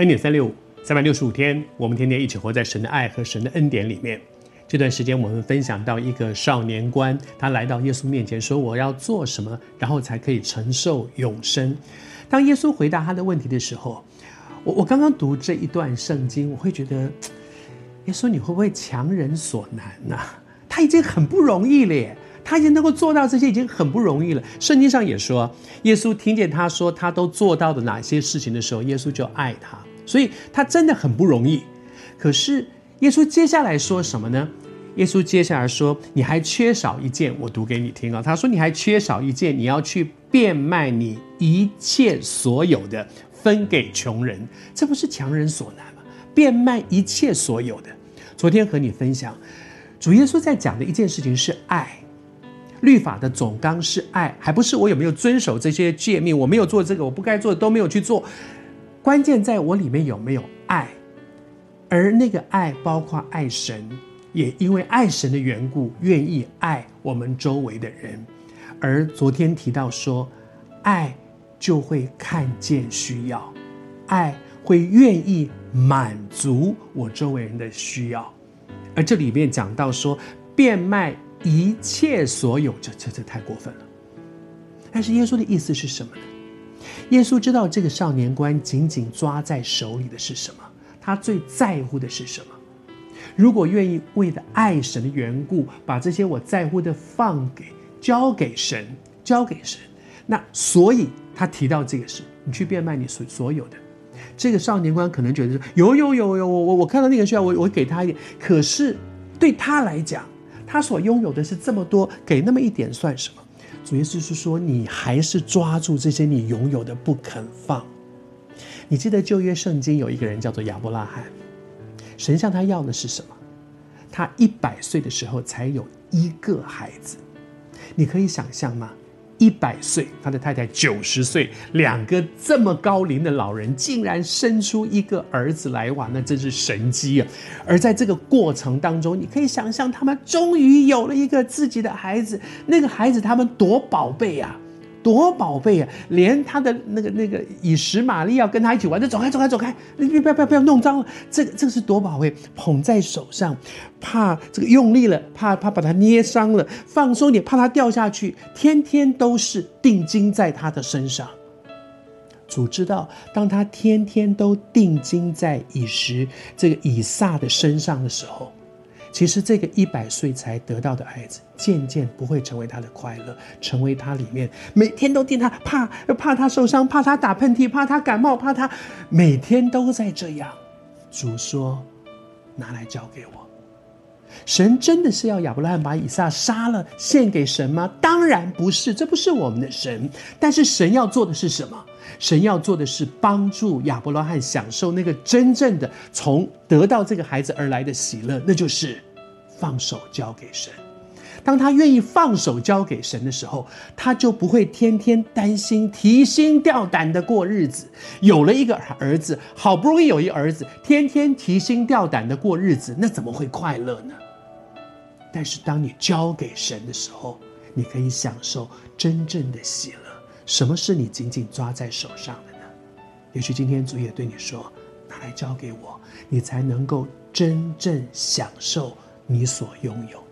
恩典三六五三百六十五天，我們天天一起活在神的愛和神的恩典裡面。這段時間，我們分享到一個少年官，他來到耶穌面前說：“我要做什麼，然後才可以承受永生？”當耶穌回答他的問題的時候，我我剛剛讀這一段聖經，我會覺得耶穌，你會不會強人所難呢、啊？他已經很不容易了耶，他已經能夠做到這些，已經很不容易了。聖經上也說，耶穌聽見他說他都做到了哪些事情的時候，耶穌就愛他。所以他真的很不容易，可是耶穌接下來說什麼呢？耶穌接下來說：“你還缺少一件，我讀給你聽啊、哦。”他說：“你還缺少一件，你要去變賣你一切所有的，分給窮人。這不是強人所難嗎？變賣一切所有的。”昨天和你分享，主耶穌在講的一件事情是愛，律法的總綱是愛，還不是我有沒有遵守這些誡命？我沒有做這個，我不該做的都沒有去做。關鍵在我裡面有沒有愛，而那個愛包括愛神，也因為愛神的緣故，願意愛我們周圍的人。而昨天提到說，愛就會看見需要，愛會願意滿足我周圍人的需要。而這裡面講到說，變賣一切所有，這這這太過分了。但是耶穌的意思是什麼呢？耶穌知道這個少年官緊緊抓在手裡的是什麼，他最在乎的是什麼。如果願意為了愛神的緣故，把這些我在乎的放給、交給神，交給神，那所以他提到這個事，你去變賣你所所有的。這個少年官可能覺得說，有有有有，我我我看到那個需要，我我給他一點。可是對他來講，他所擁有的是這麼多，給那麼一點算什麼？主要就是說，你還是抓住這些你擁有的不肯放。你記得舊約聖經有一個人叫做亞伯拉罕，神向他要的是什麼？他一百歲的時候才有一個孩子，你可以想象嗎？一百歲，他的太太九十歲，兩個這麼高齡的老人，竟然生出一個兒子來，哇，那真是神蹟啊！而在這個過程當中，你可以想象，他們終於有了一個自己的孩子，那個孩子他們多寶貝啊！多寶貝啊！連他的那個那個以實瑪利要跟他一起玩，就走開走開走開！你別不要不要不要弄髒了。這個這個是多寶貝，捧在手上，怕這個用力了，怕怕把它捏傷了，放鬆點，怕它掉下去。天天都是定睛在他的身上。主知道，當他天天都定睛在以實這個以撒的身上的時候。其實這個一百歲才得到的孩子，漸漸不會成為他的快樂，成為他裡面每天都替他怕，怕他受傷，怕他打噴嚏，怕他感冒，怕他，每天都在這樣。主說：“拿來交給我。”神真的是要亞伯拉罕把以撒殺了獻給神嗎？當然不是，這不是我們的神。但是神要做的是什麼？神要做的是幫助亞伯拉罕享受那個真正的從得到這個孩子而來的喜樂，那就是放手交給神。當他願意放手交給神的時候，他就不會天天擔心、提心吊膽地過日子。有了一個兒子，好不容易有一兒子，天天提心吊膽地過日子，那怎麼會快樂呢？但是當你交給神的時候，你可以享受真正的喜樂。什麼是你緊緊抓在手上的呢？也許今天主也對你說：“拿來交給我。”你才能夠真正享受你所擁有。